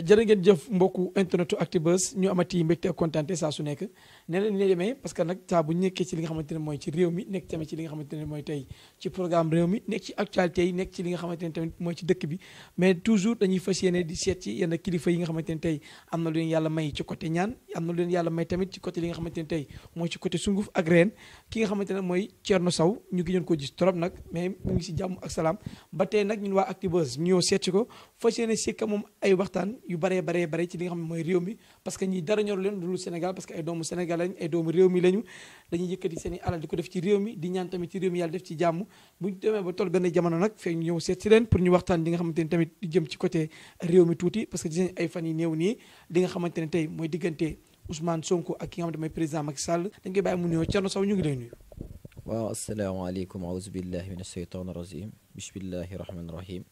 jërë ngeen jëf mbokku internetu Actubuzz ñu amati mbégte ak kontaante saa su nekk ne la ne demee parce que nag saa bu ñu nekkee ci li nga xamante ne mooy ci réew mi nekk tamit ci li ne mooy tey ci programme réew mi nekk ci actualité nga xamante ne tamit mooy ci dëkk bi mais toujours dañuy fas yéene di seet ci yenn kilifa yi nga xamante ne tey am na leen yàlla may ci côté ñaan am na leen yàlla may tamit ci li nga xamante ne mooy ci côté sunguf ak reen ki nga xamante ne mooy Thierno saw ñu ngi ñoon ko gis trop nag mais mu ngi si jàmm ak salaam ba tey nag ñu ñun waa Actubuzz ñoo seet ci ko fas si sikka moom ay waxtaan yu baree bare bare ci li nga xam ne mooy réew mi parce que ñi dara ñor leen lu dul Sénégal parce que ay doomu Sénégal ay doomu réew mi lañu dañuy yëkkati seen i alal di ko def ci réew mi di ñaan tamit ci réew mi yàlla def ci jàmm buñ demee ba toll benn jamono nag fekk ñu ñëw seet si leen pour ñu waxtaan li nga xamante ne tamit di jëm ci côté réew mi tuuti parce que gis nañ ay fan yi néew nii li nga xamante tey mooy diggante Ousmane Sonko ak ki nga xamante mooy président Macky Sall dañ koy bàyyi mu nuyoo Thierno Sow ñu ngi lay nuyu waaw asalaamaaleykum aousubillahi min asheytan irajim bismillahi rahmani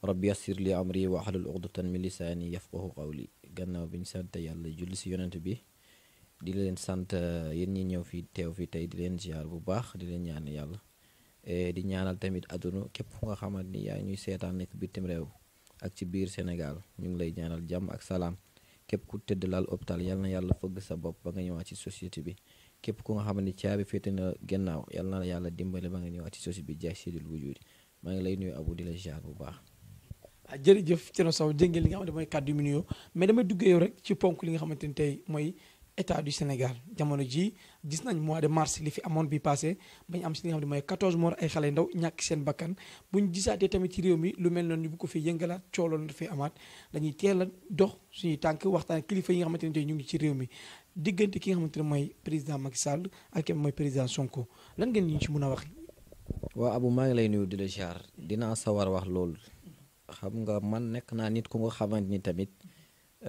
rabbi yassir li amri wa ahlul uqdatan min lisaani yafqahu qawli gannaaw bi ñu sant yàlla julli si yonent bi di leen sant eh, yéen ñi ñëw fii teew fii tey di leen ziar bu baax di leen ñaan yàlla eh, di ñaanal tamit àdduna képp nga xamal ni yaa ñuy seetaan nekk bitim réew ak ci biir Sénégal ñu ngi lay ñaanal jàmm ak salaam képp ku tëdd laal hôpital yal na yàlla fëgg sa bopp ba nga ñëwaat ci société bi képp ku nga xam ne caabi féete na gannaaw yal na yàlla dimbale ba nga ñëwaat ci société bi jaay si dul wujudi maa ngi lay nuyu abu di la ziar bu baax. waaw ah, jërëjëf Thierno Sow saw ngeen li nga xamante mooy kàddu yu nuyoo mais damay duggee yow rek ci ponk li nga xamante ni tey mooy état du Sénégal jamono ji gis nañ mois de mars li fi amoon bi passé bañ am si li nga xam ne mooy 14 morts ay xale ndaw ñàkk seen bakkan buñ gisaatee tamit ci réew mi lu mel noonu bu ko fi yëngalaat cooloon dafay amaat dañuy teel a dox suñuy tànk waxtaan kilifa yi nga xamante ne tey ñu ngi ci réew mi diggante ki nga xamante ne mooy président Macky Sall ak ki mooy président Sonko lan ngeen ñu ci mën a wax. waaw Abou maa ngi lay nuyu di la ziar dinaa sawar wax loolu. xam nga man nekk naa nit ku nga xamante ni tamit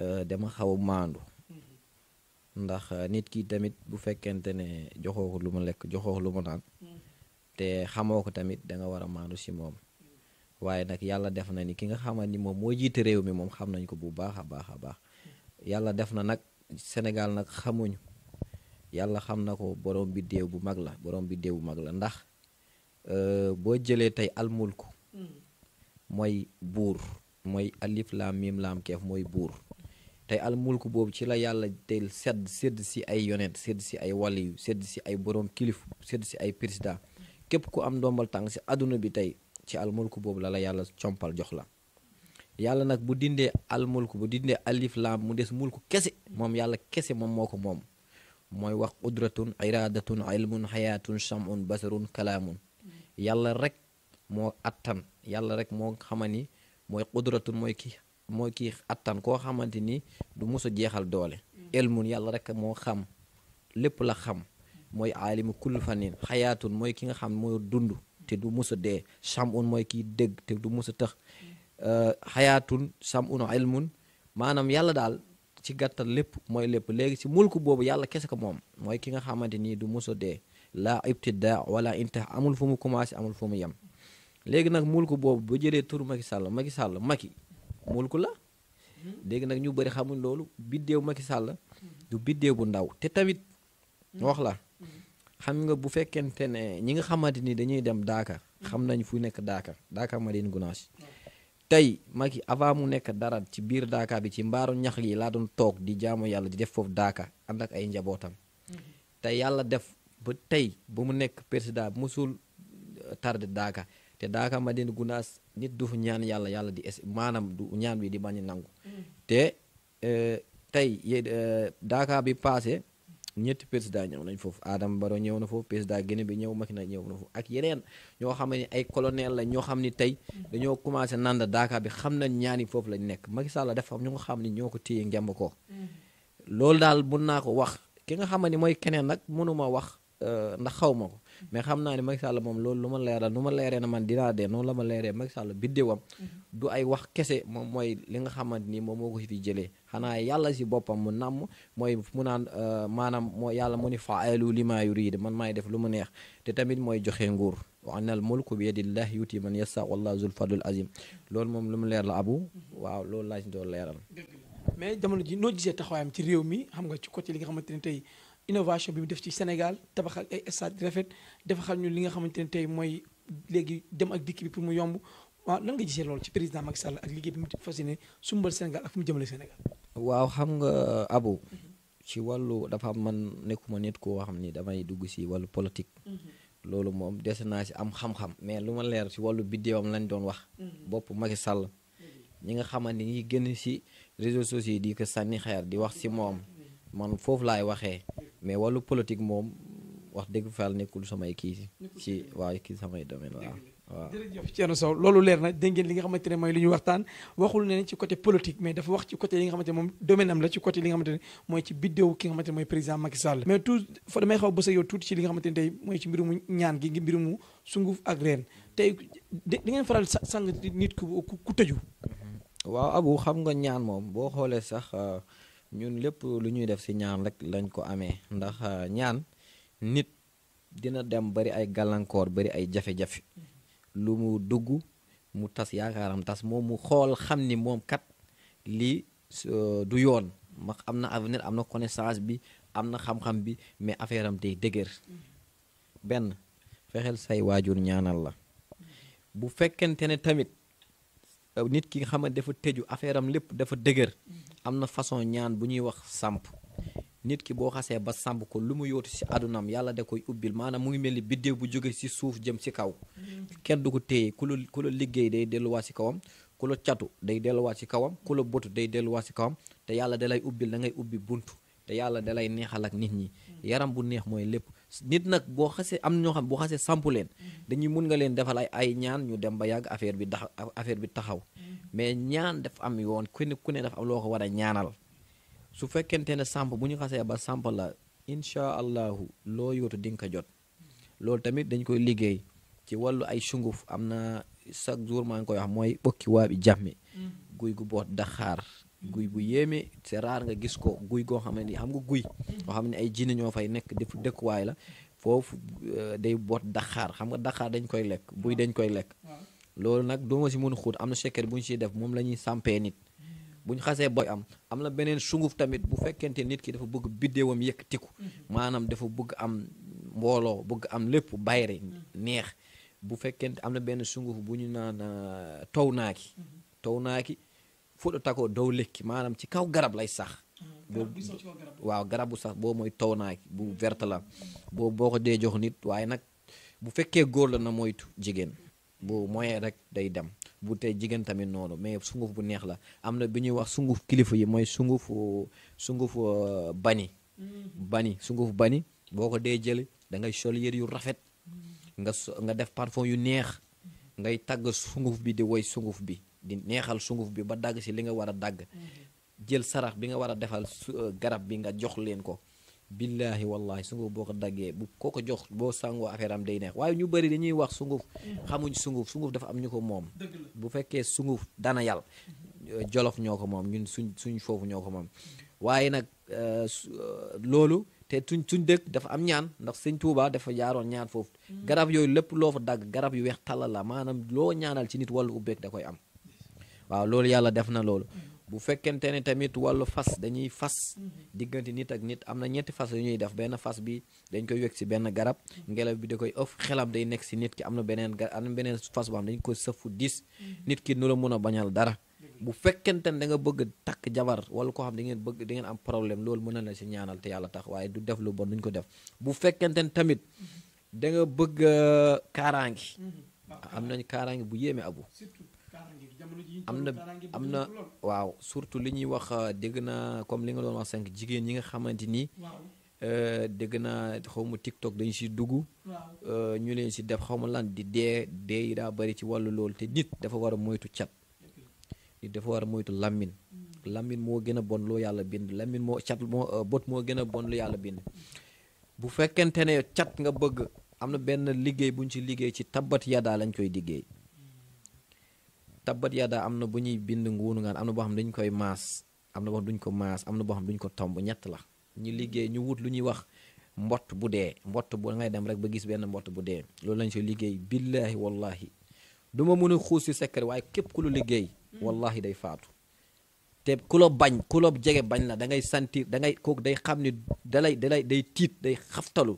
euh, dama xaw a maandu mm-hmm. ndax euh, nit ki tamit bu fekkente ne joxoo lu mu lekk joxoo lu mu naan mm-hmm. te xamoo ko tamit danga nga war a maandu si moom mm-hmm. waaye nag yàlla def na ni ki nga xamante ni moom moo jiite réew mi moom xam nañ ko bu baax a baax a baax yàlla def na nag Sénégal nag xamuñu yàlla xam na ko borom biddéew bu mag la borom biddéew bu mag la ndax euh, boo jëlee tey almul ko mooy buur mooy alif laam miim laam keef mooy buur tey almulk boobu ci la yàlla tey sedd sedd si ay yonent sedd si ay waliyu sedd si ay boroom kilif sedd si ay président képp ku am ndombal tàng si àdduna bi tey ci almulk boobu la la yàlla compal jox la yàlla nag bu dindee almulk bu dindee alif mu des mulk kese moom yàlla kese moom moo ko moom mooy wax qudratun iradatun ilmun xayaatun samun basarun kalaamun yàlla rek moo attan yàlla rek moo xama ni mooy qudratun mooy kii mooy kii attan koo xamante ni du mos a jeexal doole mm. elmun yàlla rek moo xam lépp la xam mooy aalimu kulli fanin xayaatun mooy ki nga xam mooy dund te du mos dee samun mooy kii dégg te du mos a tëx mm. euh, xayaatun samun ilmun maanaam yàlla daal ci gàttan lépp mooy lépp léegi ci mulku boobu yàlla kese ko moom mooy ki nga xamante ni du mos a dee laa ibtidaa wala intaha amul fu mu commencé amul fu mu yem léegi nag mulku boobu ba jëlee tur Macky Sall Macky Sall Macky mulku la léegi nag ñu bari xamuñ loolu biddéew Macky Sall du biddéew bu ndaw te tawit wax la xam nga bu fekkente ne ñi nga xamante ni dañuy dem Daaka xam nañ fu nekk Daaka Daaka Madina Gounass tey Macky avant mu nekk dara ci biir Daaka bi ci mbaaru ñax yi laa doon toog di jaamu yàlla di def foofu Daaka ànd ak ay njabootam tey yàlla def ba tey ba mu nekk président musul tarde Daaka te daaka ma den gunaas nit du ñaan yàlla yàlla di es maanaam du ñaan bi di bañ a nangu mm. te eh, tey eh, daaka bi passé ñetti président ñëw nañ foofu Adama Baro ñëw na foofu président Guinée bi ñëw Macky na ñëw na foofu ak yeneen ñoo xam ne ay colonel la ñoo xam ni tey mm. dañoo commencé nanda daaka bi xam nañ ñaani foofu lañ nekk Macky Sall dafa am ñu nga xam ne ñoo ko téye ngemb ko mm. loolu daal mun naa ko wax ki xam ne mooy keneen nag mënuma wax Euh, ndax xaw ma ko mais xam naa ne Macky Sall moom loolu lu ma leeral nu ma leeree na man dinaa dee noonu la ma leeree Macky Sall biddewam mhm. du ay wax kese moom mooy li nga xamante ni moom moo ko fi jëlee xanaa yàlla si boppam mu nàmm mooy mu naan euh, maanaam moo yàlla mu ni faalu lima yurid man maay def lu mu neex te tamit mooy joxe nguur wa anal mulku bi yadillahi yuti man yasa wallahu zul fadlul azim loolu moom lu mu leer la abu waaw loolu laa si doon leeral mais jamono ji noo gisee taxawaayam ci réew mi xam nga ci côté innovation bi mu def ci Sénégal tabax ak ay stade rafet defaxal ñu li nga xamante ne tey mooy léegi dem ak dikk bi pour mu yomb waaw lan nga gisee loolu ci président Macky Sall ak liggéey bi mu fas yéene sumbal Sénégal ak fu mu jëmale Sénégal. waaw xam nga mm-hmm. Abu. ci wàllu dafa man nekkuma nit koo xam ni damay dugg si wàllu politique. Mm-hmm. loolu moom dese naa si am xam-xam. mais lu ma leer si wàllu biddeewam lañ doon wax. Mm-hmm. bopp Macky Sall. ñi nga xamante ni ñi génn si réseaux sociaux di ko sànni di wax si moom mais wàllu politique moom wax dëgg faal nekkul samay kii ci waaw kii samay domaine waaw waaw jërëjëf Thierno Sow loolu leer na dégg ngeen li nga xamante ne mooy li ñu waxtaan waxul ne ci côté politique mais dafa wax ci côté li nga xamante ne moom domaine am la ci côté li nga xamante ne mooy ci biddéew ki nga xamante ne mooy président Macky Sall mais tout fa damay xaw bës a yow tuuti ci li nga xamante tey mooy ci mbirumu ñaan gi ngi mbirumu sunguf ak reen tey di ngeen faral ku ku tëju waaw abu xam nga ñaan moom boo xoolee sax euh, ñun lépp lu ñuy def si ñaan rek lañ ko amee ndax euh, ñaan nit dina dem bari ay gàllankoor bari ay jafe-jafe lu mu dugg mu tas yaakaaram tas moom mu xool xam ni moom kat lii euh, du yoon ma am na avenir am na connaissance bi am na xam-xam bi mais affaire am tey dëgër benn fexeel say waajur ñaanal la bu fekkente ne tamit Euh, nit ki nga xam ne dafa tëju affaire lépp dafa dëgër am na façon ñaan bu ñuy wax samp nit ki boo xasee ba samp ko lu mu yootu si àddunaam yàlla de koy ubbil maanaam mu ngi mel ni biddéew bu jóge si suuf jëm si kaw kenn du ko téye ku la ku la liggéey day delluwaat si kawam ku la catu day delluwaat si kawam ku la botu day delluwaat si kawam te yàlla da lay ubbil da ngay ubbi buntu te yàlla dalay neexal ak nit ñi mm. yaram bu neex mooy lépp nit nag boo xasee am na ñoo xam boo xasee sampu leen mm. dañuy mun nga leen defal ay ñaan ñu dem ba yàgg affaire bi dax affaire bi taxaw mm. mais ñaan daf am yoon ku ne ku ne dafa am loo ko war a ñaanal su fekkente ne samp bu ñu xasee ba samp la incha allahu loo yootu di nga jot loolu tamit dañ koy liggéey ci wàllu ay sunguf am na chaque jour maa ngi koy wax mooy ɓokki waabi jàmmi guy gu boot daxaar guy bu yéeme c'est rare nga gis ko guy goo xam ne ni xam nga guy goo xam ne ay jinne ñoo fay nekk dëkk waay la foofu euh, day boot daxaar xam nga daxaar dañ koy lekk buy dañ koy lekk loolu nag doo ma si mën xuut am na secret bu ñu siy def moom la ñuy sampee nit bu ñu xasee boy am am na beneen sunguf tamit bu fekkente nit ki dafa bëgg biddéewam yëkkatiku maanaam dafa bëgg am mbooloo bëgg am lépp bayre neex bu fekkente am na benn sunguf bu ñu naan euh, taw naaki mhm. taw naaki fuɗo tako dow lekki maanaam ci kaw garab lay sax mm. boobu waaw garab sax boobu mooy tawnaaki bu wert la boobu boo ko dee jox nit waaye nag bu fekkee góor la na moytu jigéen boo moyen rek day dem bu tey jigéen tamit noonu mais sunguf bu neex la am na bi ñuy wax sunguf kilifa yi mooy sunguf sunguf euh, bani mm-hmm. bani sunguf bani boo ko dee jël dangay sol yére yu rafet mm-hmm. nga nga def parfum yu neex mm-hmm. ngay tàgg sunguf bi di woy sunguf bi di neexal sunguf bi ba dagg si li nga war a dagg jël sarax bi nga war a defal euh, garab bi nga jox leen ko billaahi wallaahi sunguf boo ko daggee bu koo ko jox boo sangoo affaire day neex waaye ñu bëri dañuy wax sunguf xamuñ sunguf sunguf dafa am ko moom bu fekkee sunguf dana yàlla jolof ñoo ko moom ñun suñ suñ foofu ñoo ko moom waaye nag euh, euh, loolu te suñ suñ dëkk dafa am ñaan ndax sëñ Tuuba dafa jaaroon ñaan foofu mm. garab yooyu lépp loo fa dagg garab yu weex tàllal la maanaam loo ñaanal ci nit wàllu ubbeek da koy am waaw loolu yàlla def na loolu mm-hmm. bu fekkente ne tamit wàllu fas dañuy fas mm-hmm. diggante nit ak nit am na ñetti fas yu ñuy def benn fas bi dañ koy wekk si benn garab mm-hmm. ngelaw bi da koy ëff xelam day nekk si nit ki am na beneen garab am na beneen fas boo xam dañ koy sëfu dis nit ki nu la a bañal dara bu fekkente ne da nga bëgg takk jabar wala koo xam da ngeen bëgg da ngeen am problème loolu mën na si ñaanal yàlla tax waaye du def lu bon duñ ko def bu fekkente ne tamit da bëgg euh, kaaraangi am nañ kaaraangi bu yéeme abu am na am na waaw surtout li ñuy wax euh, dégg naa comme li nga doon wax sànq jigéen ñi nga xamante ni. Euh, dégg naa xaw ma TikTok dañu si dugg. Euh, ñu leen si def xaw ma lan di dee dee yi daa bari ci wàllu loolu te nit dafa war a moytu cat. nit dafa war a moytu lammin. Mm. lammin moo gën a bon lu yàlla bind lammin moo cat moo bot moo gën a bon lu yàlla bind. bu fekkente ne cat nga bëgg am na benn liggéey bu ñu ci liggéey ci tabbat yadaa lañ koy liggéey. tabbat yadaa am na bu ñuy bind nguunu ngaan am na boo xam ne dañu koy maas am na boo xam duñ ko maas na boo xam duñ ko tomb ñett la ñu liggéey ñu wut lu ñuy wax mbott bu dee mbott bu ngay dem rek ba gis benn mbott bu dee loolu lañ si liggéey billaahi wallahi du ma mën xuus si secret képp ku la liggéey mm. wallahi day faatu te ku bañ ku la bañ la da ngay sentir da ngay kooku day xam ni dalay dalay day tiit day xaftalu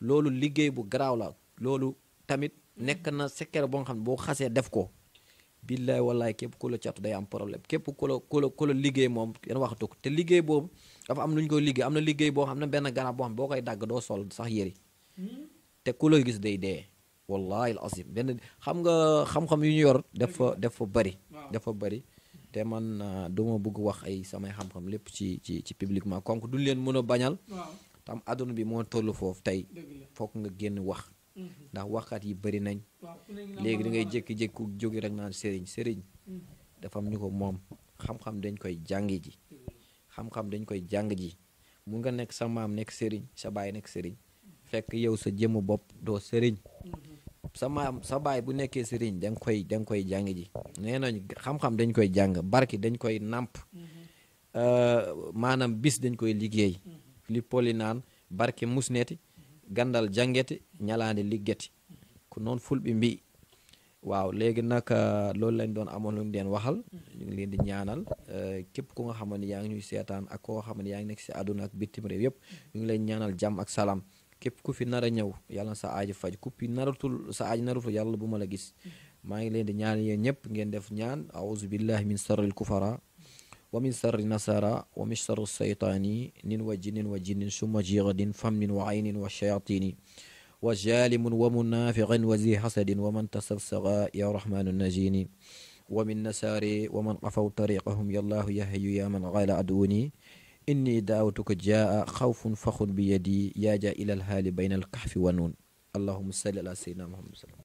loolu liggéey bu garaaw la loolu tamit nekk na secret boo xam ne boo xasee def ko billaay wallaay képp ku la catu day am problème képp ku la ku la ku la liggéey moom yéen waxatu ko te liggéey boobu dafa am lu ñu koy liggéey am na liggéey boo xam ne benn garab boo xam boo koy dagg doo sol sax yëri te ku la gis day dee wallahi al azim benn xam nga xam-xam yu ñu yor dafa dafa bëri dafa bëri te man ah, du ma bëgg wax ay samay xam lépp ci ci ci publiquement comme du leen mën a bañal tam àdduna bi moo toll foofu tey foog nga génn wax Mhm. ndax waxkat yi bari nañ léegi da ngay jékki-jékki jóge rek naan sëriñ sëriñ mhm. dafa am ñu ko moom xam-xam dañ koy jàng ji xam dañ koy jàng ji mu nga nekk sa maam nekk sëriñ sa baay nekk sëriñ fekk yow sa jëmm bopp doo sëriñ mhm. sa maam sa baay bu nekkee sëriñ da koy da koy jàng ji nee nañ xam-xam dañ koy jàng barki dañ koy nàmp euh, maanaam bis dañ koy liggéey li naan barke musneti gandal jangete ñalaande liggete ko noon fulɓe mbi waaw léegi nag euh, loolu lañ doon amoon lu ñu leen waxal ñu di ñaanal euh, képp ku nga xam ne yaa ngi ñuy seetaan ak koo xam ne yaa ngi nekk si àdduna ak bitim réew yëpp ñu ngi leen ñaanal jàmm ak salaam képp ku fi nar a ñëw yàlla na sa aaji faj ku fi naratul sa aaji yàlla bu ma la gis maa ngi leen di ñaan yéen ngeen def ñaan auzu billahi min sarril kufara wa min sarri nasara wa min sarri seytaani nin wa jinnin wa jinnin summa jiradin famnin wa aynin wa shayatini wa jalimin wa munafiqin wa zi hasadin wa man tasabsaga ya rahmanu najini wa min nasari wa man qafaw tariqahum yallahu yahayu ya man gala aduuni inni daawatuka jaa xawfun faxun bi yadi yaa jaa ilal haali bayna al kahfi wa nuun allahumma salli ala sayyidina muhammad